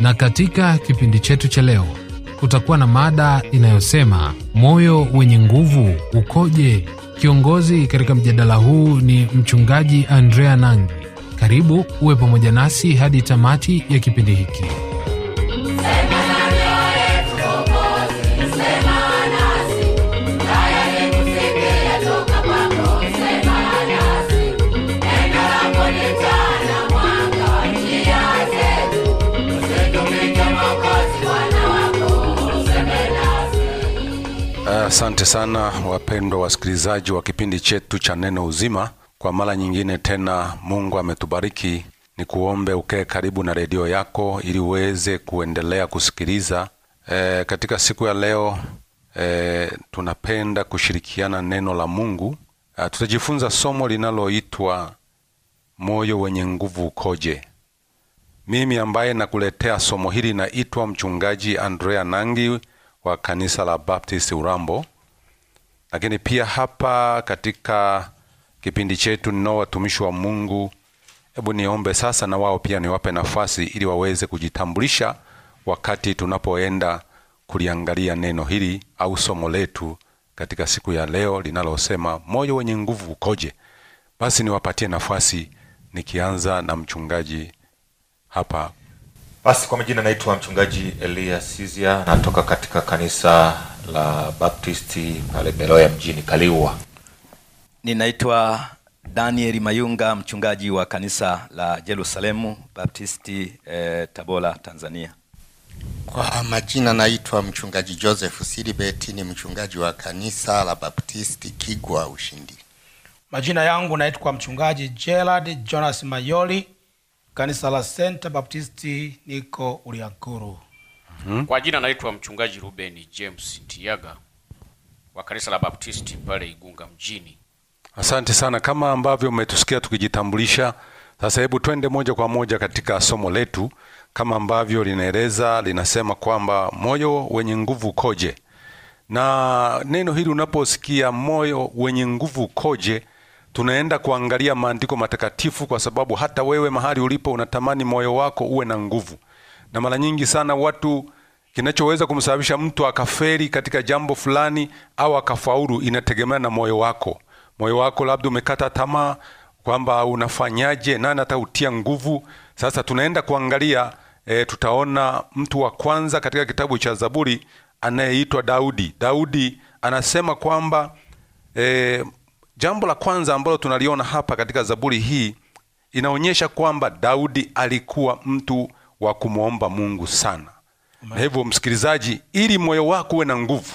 na katika kipindi chetu cha leo kutakuwa na mada inayosema moyo wenye nguvu ukoje? Kiongozi katika mjadala huu ni Mchungaji Andrea Nangi. Karibu uwe pamoja nasi hadi tamati ya kipindi hiki. Asante uh, sana wapendwa wasikilizaji wa kipindi chetu cha Neno Uzima. Kwa mara nyingine tena Mungu ametubariki. Ni kuombe ukee karibu na redio yako ili uweze kuendelea kusikiliza. E, katika siku ya leo e, tunapenda kushirikiana neno la Mungu. A, e, tutajifunza somo linaloitwa moyo wenye nguvu ukoje. Mimi ambaye nakuletea somo hili naitwa mchungaji Andrea Nangi wa kanisa la Baptist Urambo. Lakini pia hapa katika kipindi chetu ninao watumishi wa Mungu. Hebu niombe sasa na wao pia niwape nafasi ili waweze kujitambulisha wakati tunapoenda kuliangalia neno hili au somo letu katika siku ya leo linalosema moyo wenye nguvu ukoje. Basi niwapatie nafasi nikianza na mchungaji hapa basi kwa majina naitwa mchungaji Elia Sizia, natoka katika kanisa la Baptisti pale Beloya mjini kaliwa Ninaitwa Daniel Mayunga, mchungaji wa kanisa la Jerusalemu Baptisti eh, Tabora, Tanzania. Kwa majina naitwa mchungaji Joseph Silibeti, ni mchungaji wa kanisa la Baptisti Kigwa Ushindi. Majina yangu naitwa mchungaji Gerard Jonas Mayoli kanisa la Senta Baptisti niko Uliankuru. mm -hmm. Kwa jina naitwa mchungaji Ruben James Ntiyaga wa kanisa la Baptisti pale Igunga mjini. Asante sana, kama ambavyo umetusikia tukijitambulisha. Sasa hebu twende moja kwa moja katika somo letu, kama ambavyo linaeleza linasema kwamba moyo wenye nguvu ukoje, na neno hili unaposikia moyo wenye nguvu ukoje tunaenda kuangalia maandiko matakatifu, kwa sababu hata wewe mahali ulipo unatamani moyo wako uwe na nguvu. Na mara nyingi sana watu, kinachoweza kumsababisha mtu akaferi katika jambo fulani au akafaulu inategemea na moyo wako. Moyo wako labda umekata tamaa kwamba unafanyaje, nani atautia nguvu? Sasa tunaenda kuangalia e, tutaona mtu wa kwanza katika kitabu cha Zaburi anayeitwa Daudi. Daudi anasema kwamba e, Jambo la kwanza ambalo tunaliona hapa katika zaburi hii inaonyesha kwamba Daudi alikuwa mtu wa kumwomba Mungu sana. Amen. Na hivyo msikilizaji, ili moyo wako uwe na nguvu,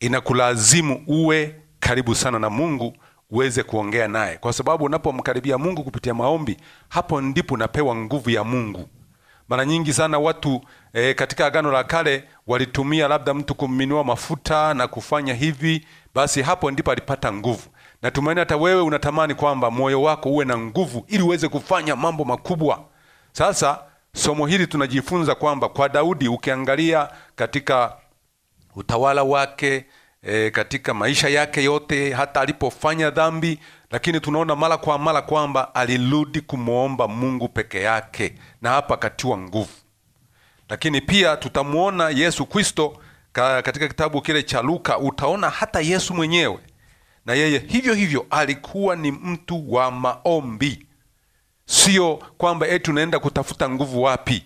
inakulazimu uwe karibu sana na Mungu uweze kuongea naye, kwa sababu unapomkaribia Mungu kupitia maombi, hapo ndipo unapewa nguvu ya Mungu. Mara nyingi sana watu e, katika Agano la Kale walitumia labda mtu kumminua mafuta na kufanya hivi, basi hapo ndipo alipata nguvu Natumaini hata wewe unatamani kwamba moyo wako uwe na nguvu ili uweze kufanya mambo makubwa. Sasa somo hili tunajifunza kwamba kwa Daudi, ukiangalia katika utawala wake e, katika maisha yake yote, hata alipofanya dhambi, lakini tunaona mara kwa mara kwamba alirudi kumwomba Mungu peke yake, na hapa akatiwa nguvu. Lakini pia tutamwona Yesu Kristo katika kitabu kile cha Luka, utaona hata Yesu mwenyewe na yeye hivyo hivyo alikuwa ni mtu wa maombi, sio kwamba eti unaenda kutafuta nguvu wapi.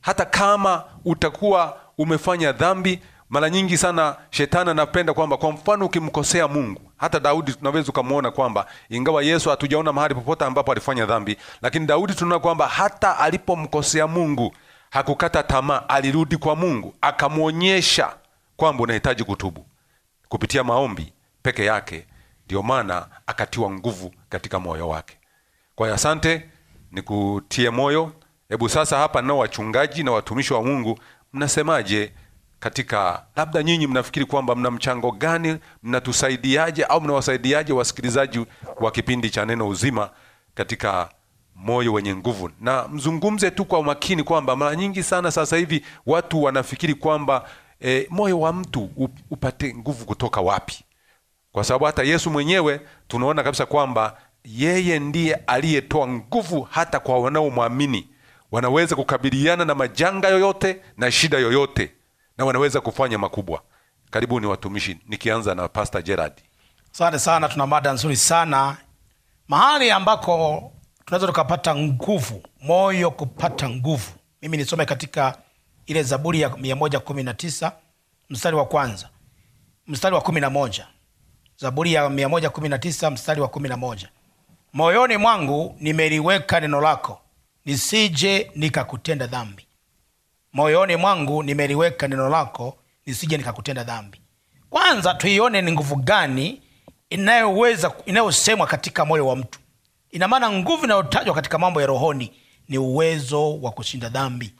Hata kama utakuwa umefanya dhambi mara nyingi sana, shetani anapenda kwamba, kwa mfano, ukimkosea Mungu, hata Daudi tunaweza ukamwona kwamba, ingawa Yesu hatujaona mahali popote ambapo alifanya dhambi, lakini Daudi tunaona kwamba hata alipomkosea Mungu hakukata tamaa, alirudi kwa Mungu akamwonyesha kwamba unahitaji kutubu kupitia maombi peke yake, ndio maana akatiwa nguvu katika moyo wake. Kwa hiyo asante, nikutie moyo. Hebu sasa hapa nao wachungaji na watumishi wa Mungu, mnasemaje katika labda nyinyi mnafikiri kwamba mna mchango gani, mnatusaidiaje au mnawasaidiaje wasikilizaji wa kipindi cha Neno Uzima katika moyo wenye nguvu? Na mzungumze tu kwa umakini kwamba mara nyingi sana sasa hivi watu wanafikiri kwamba e, moyo wa mtu upate nguvu kutoka wapi? kwa sababu hata Yesu mwenyewe tunaona kabisa kwamba yeye ndiye aliyetoa nguvu hata kwa wanaomwamini, wanaweza kukabiliana na majanga yoyote na shida yoyote, na wanaweza kufanya makubwa. Karibuni watumishi, nikianza na Pastor Gerard. Asante sana, tuna mada nzuri sana, mahali ambako tunaweza tukapata nguvu, moyo kupata nguvu. Mimi nisome katika ile Zaburi ya 119 mstari wa kwanza mstari wa kumi na moja Zaburi ya 119 mstari wa 11, moyoni mwangu nimeliweka neno lako, nisije nikakutenda dhambi. Moyoni mwangu nimeliweka neno lako, nisije nikakutenda dhambi. Kwanza tuione ni nguvu gani inayoweza inayosemwa katika moyo wa mtu. Ina maana nguvu inayotajwa katika mambo ya rohoni ni uwezo wa kushinda dhambi,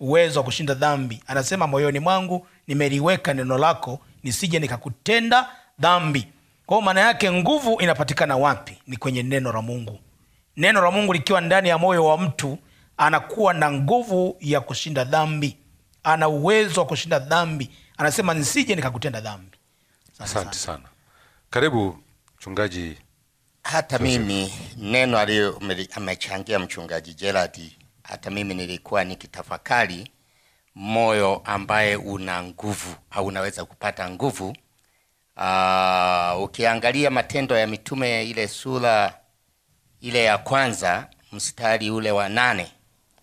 uwezo wa kushinda dhambi. Anasema moyoni mwangu nimeliweka neno lako, nisije nikakutenda dhambi kwao. maana yake nguvu inapatikana wapi? Ni kwenye neno la Mungu. Neno la Mungu likiwa ndani ya moyo wa mtu, anakuwa na nguvu ya kushinda dhambi, ana uwezo wa kushinda dhambi. Anasema nisije nikakutenda dhambi. Asante sana. Karibu mchungaji. Hata mimi neno aliyo amechangia mchungaji Gerald, hata mimi nilikuwa nikitafakari moyo ambaye una nguvu au unaweza kupata nguvu Uh, ukiangalia Matendo ya Mitume ile sura ile ya kwanza mstari ule wa nane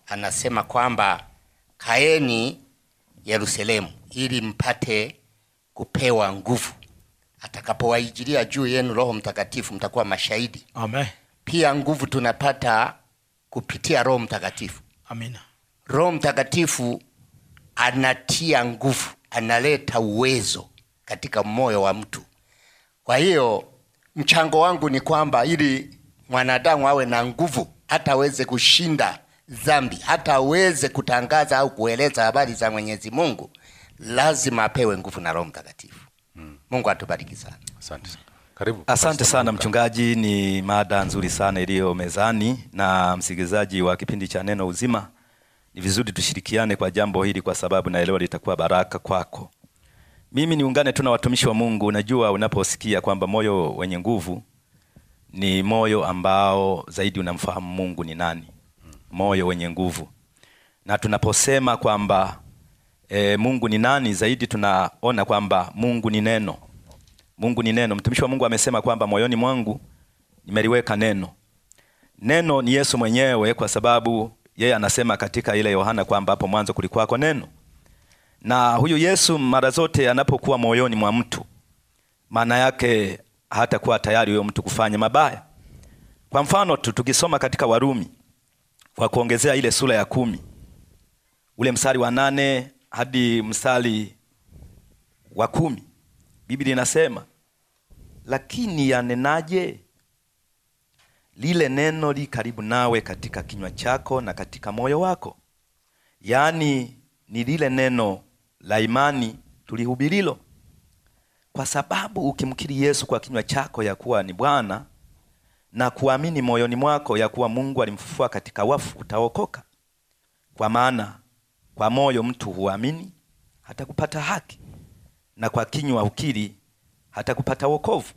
anasema kwamba kaeni Yerusalemu ili mpate kupewa nguvu, atakapowaijilia juu yenu Roho Mtakatifu mtakuwa mashahidi. Amen. Pia nguvu tunapata kupitia Roho Mtakatifu. Amina. Roho Mtakatifu anatia nguvu, analeta uwezo katika moyo wa mtu. Kwa hiyo mchango wangu ni kwamba ili mwanadamu awe na nguvu, hata aweze kushinda dhambi, hata aweze kutangaza au kueleza habari za Mwenyezi Mungu, lazima apewe nguvu na Roho Mtakatifu. Hmm. Mungu atubariki sana. Asante. Karibu. Asante sana mchungaji, ni mada nzuri sana iliyo mezani na msikilizaji wa kipindi cha Neno Uzima. Ni vizuri tushirikiane kwa jambo hili, kwa sababu naelewa litakuwa baraka kwako. Mimi niungane tu na watumishi wa Mungu. Unajua, unaposikia kwamba moyo wenye nguvu ni moyo ambao zaidi unamfahamu Mungu ni nani, moyo wenye nguvu. Na tunaposema kwamba e, Mungu ni nani, zaidi tunaona kwamba Mungu ni neno. Mungu ni neno. Mtumishi wa Mungu amesema kwamba moyoni mwangu nimeliweka neno. Neno ni Yesu mwenyewe, kwa sababu yeye anasema katika ile Yohana kwamba hapo mwanzo kulikuwako neno na huyu Yesu mara zote anapokuwa moyoni mwa mtu, maana yake hatakuwa tayari huyo mtu kufanya mabaya. Kwa mfano tu tukisoma katika Warumi kwa kuongezea ile sura ya kumi ule mstari wa nane hadi mstari wa kumi Biblia inasema lakini yanenaje? Lile neno li karibu nawe katika kinywa chako na katika moyo wako, yaani ni lile neno la imani tulihubililo, kwa sababu ukimkiri Yesu kwa kinywa chako ya kuwa ni Bwana na kuamini moyoni mwako ya kuwa Mungu alimfufua katika wafu utaokoka. Kwa maana kwa moyo mtu huamini hata kupata haki, na kwa kinywa ukiri hata kupata wokovu.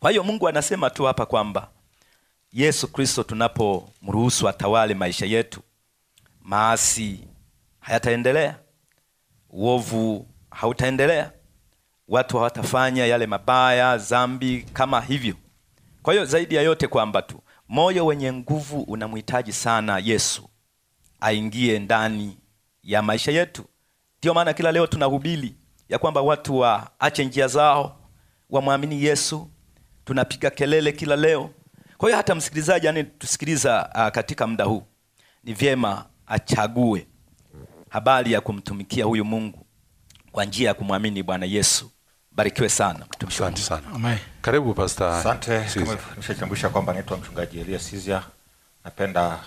Kwa hiyo Mungu anasema tu hapa kwamba Yesu Kristo tunapomruhusu atawale maisha yetu, maasi hayataendelea uovu hautaendelea, watu hawatafanya yale mabaya, dhambi kama hivyo. Kwa hiyo zaidi ya yote kwamba tu moyo wenye nguvu unamhitaji sana Yesu aingie ndani ya maisha yetu. Ndiyo maana kila leo tunahubiri ya kwamba watu waache njia zao, wamwamini Yesu. Tunapiga kelele kila leo. Kwa hiyo hata msikilizaji anayetusikiliza ah, katika muda huu, ni vyema achague habari ya kumtumikia huyu Mungu kwa njia ya kumwamini Bwana Yesu. Barikiwe sana mtumishi wangu. Asante sana. Amen. Karibu Pastor. Asante. Kama kwamba naitwa mchungaji Elia Sizia. Napenda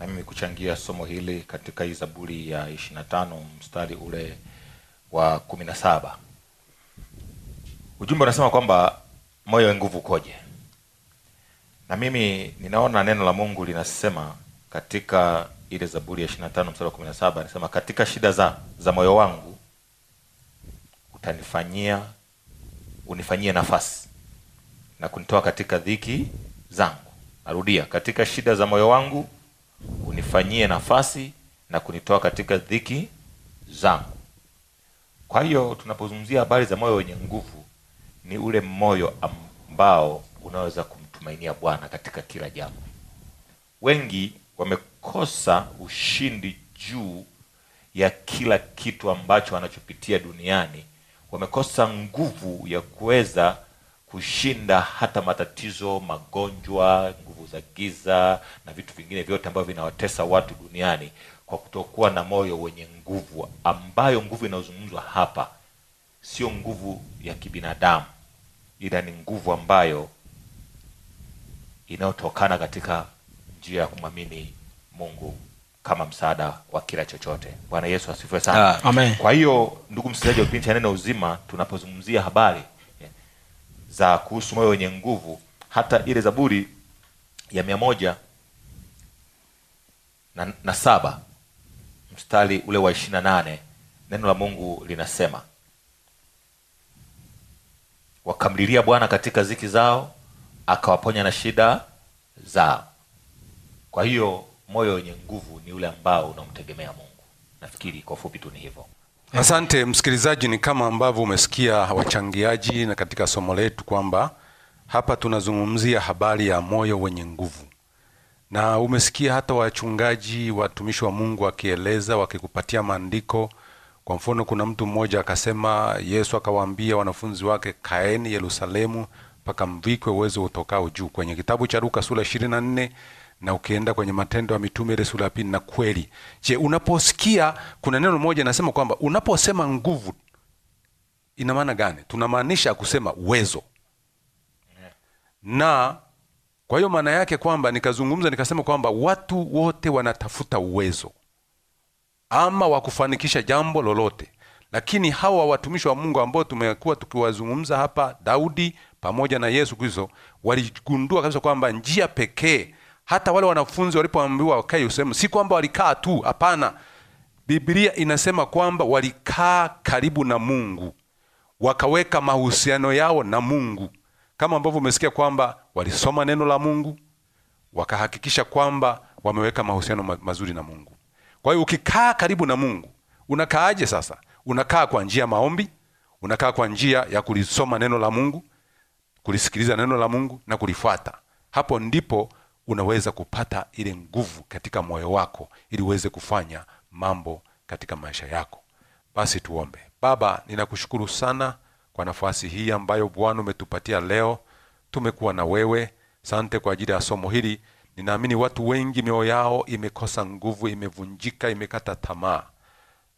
na mimi kuchangia somo hili katika hii Zaburi ya 25 mstari ule wa 17. Ujumbe unasema kwamba moyo wa nguvu ukoje? Na mimi ninaona neno la Mungu linasema katika ile Zaburi ya 25 mstari wa 17 anasema, katika shida za, za moyo wangu utanifanyia unifanyie nafasi na kunitoa katika dhiki zangu. Narudia, katika shida za moyo wangu unifanyie nafasi na kunitoa katika dhiki zangu. Kwa hiyo tunapozungumzia habari za moyo wenye nguvu, ni ule moyo ambao unaweza kumtumainia Bwana katika kila jambo. Wengi wamekosa ushindi juu ya kila kitu ambacho wanachopitia duniani. Wamekosa nguvu ya kuweza kushinda hata matatizo, magonjwa, nguvu za giza na vitu vingine vyote ambavyo vinawatesa watu duniani, kwa kutokuwa na moyo wenye nguvu, ambayo nguvu inayozungumzwa hapa sio nguvu ya kibinadamu, ila ni nguvu ambayo inayotokana katika juu ya kumwamini mungu kama msaada wa kila chochote bwana yesu asifue sana ah, Amen. kwa hiyo ndugu msikilizaji wa kipindi cha neno uzima tunapozungumzia habari eh, za kuhusu moyo wenye nguvu hata ile zaburi ya mia moja na, na saba mstari ule wa ishirina nane neno la mungu linasema wakamlilia bwana katika ziki zao akawaponya na shida zao kwa hiyo moyo wenye nguvu ni ule ambao unamtegemea Mungu. Nafikiri kwa ufupi tu ni hivyo. Asante msikilizaji, ni kama ambavyo umesikia wachangiaji na katika somo letu kwamba hapa tunazungumzia habari ya moyo wenye nguvu, na umesikia hata wachungaji, watumishi wa Mungu wakieleza, wakikupatia maandiko. Kwa mfano, kuna mtu mmoja akasema, Yesu akawaambia wanafunzi wake, kaeni Yerusalemu mpaka mvikwe uwezo utokao juu, kwenye kitabu cha Luka sura 24 na ukienda kwenye Matendo ya Mitume ile sura ya pili na kweli. Je, unaposikia kuna neno moja nasema kwamba unaposema nguvu ina maana gani? Tunamaanisha kusema uwezo na kwa hiyo maana yake kwamba nikazungumza nikasema kwamba watu wote wanatafuta uwezo ama wa kufanikisha jambo lolote, lakini hawa watumishi wa Mungu ambao tumekuwa tukiwazungumza hapa, Daudi pamoja na Yesu Kristo, waligundua kabisa kwamba njia pekee hata wale wanafunzi walipoambiwa wakae okay, si kwamba walikaa tu, hapana. Biblia inasema kwamba walikaa karibu na Mungu, wakaweka mahusiano yao na Mungu, kama ambavyo umesikia kwamba walisoma neno la Mungu, wakahakikisha kwamba wameweka mahusiano mazuri na Mungu. Kwa hiyo ukikaa karibu na Mungu, unakaaje sasa? Unakaa kwa njia ya maombi, unakaa kwa njia ya kulisoma neno la Mungu, kulisikiliza neno la Mungu na kulifuata. Hapo ndipo unaweza kupata ile nguvu katika moyo wako ili uweze kufanya mambo katika maisha yako. Basi tuombe. Baba, ninakushukuru sana kwa nafasi hii ambayo Bwana umetupatia leo, tumekuwa na wewe. Sante kwa ajili ya somo hili. Ninaamini watu wengi mioyo yao imekosa nguvu, imevunjika, imekata tamaa,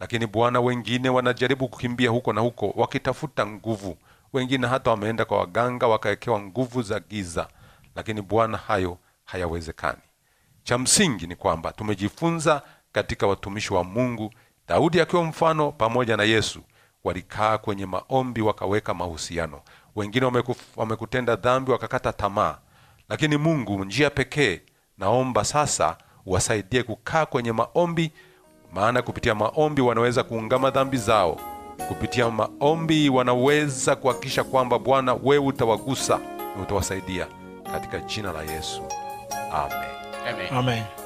lakini Bwana, wengine wanajaribu kukimbia huko na huko wakitafuta nguvu, wengine hata wameenda kwa waganga wakawekewa nguvu za giza, lakini Bwana, hayo hayawezekani. Cha msingi ni kwamba tumejifunza katika watumishi wa Mungu, Daudi akiwa mfano pamoja na Yesu walikaa kwenye maombi, wakaweka mahusiano. Wengine wamekutenda dhambi wakakata tamaa, lakini Mungu, njia pekee, naomba sasa uwasaidie kukaa kwenye maombi, maana kupitia maombi wanaweza kuungama dhambi zao. Kupitia maombi wanaweza kuhakikisha kwamba Bwana, wewe utawagusa na utawasaidia katika jina la Yesu. Amen. Amen. Amém.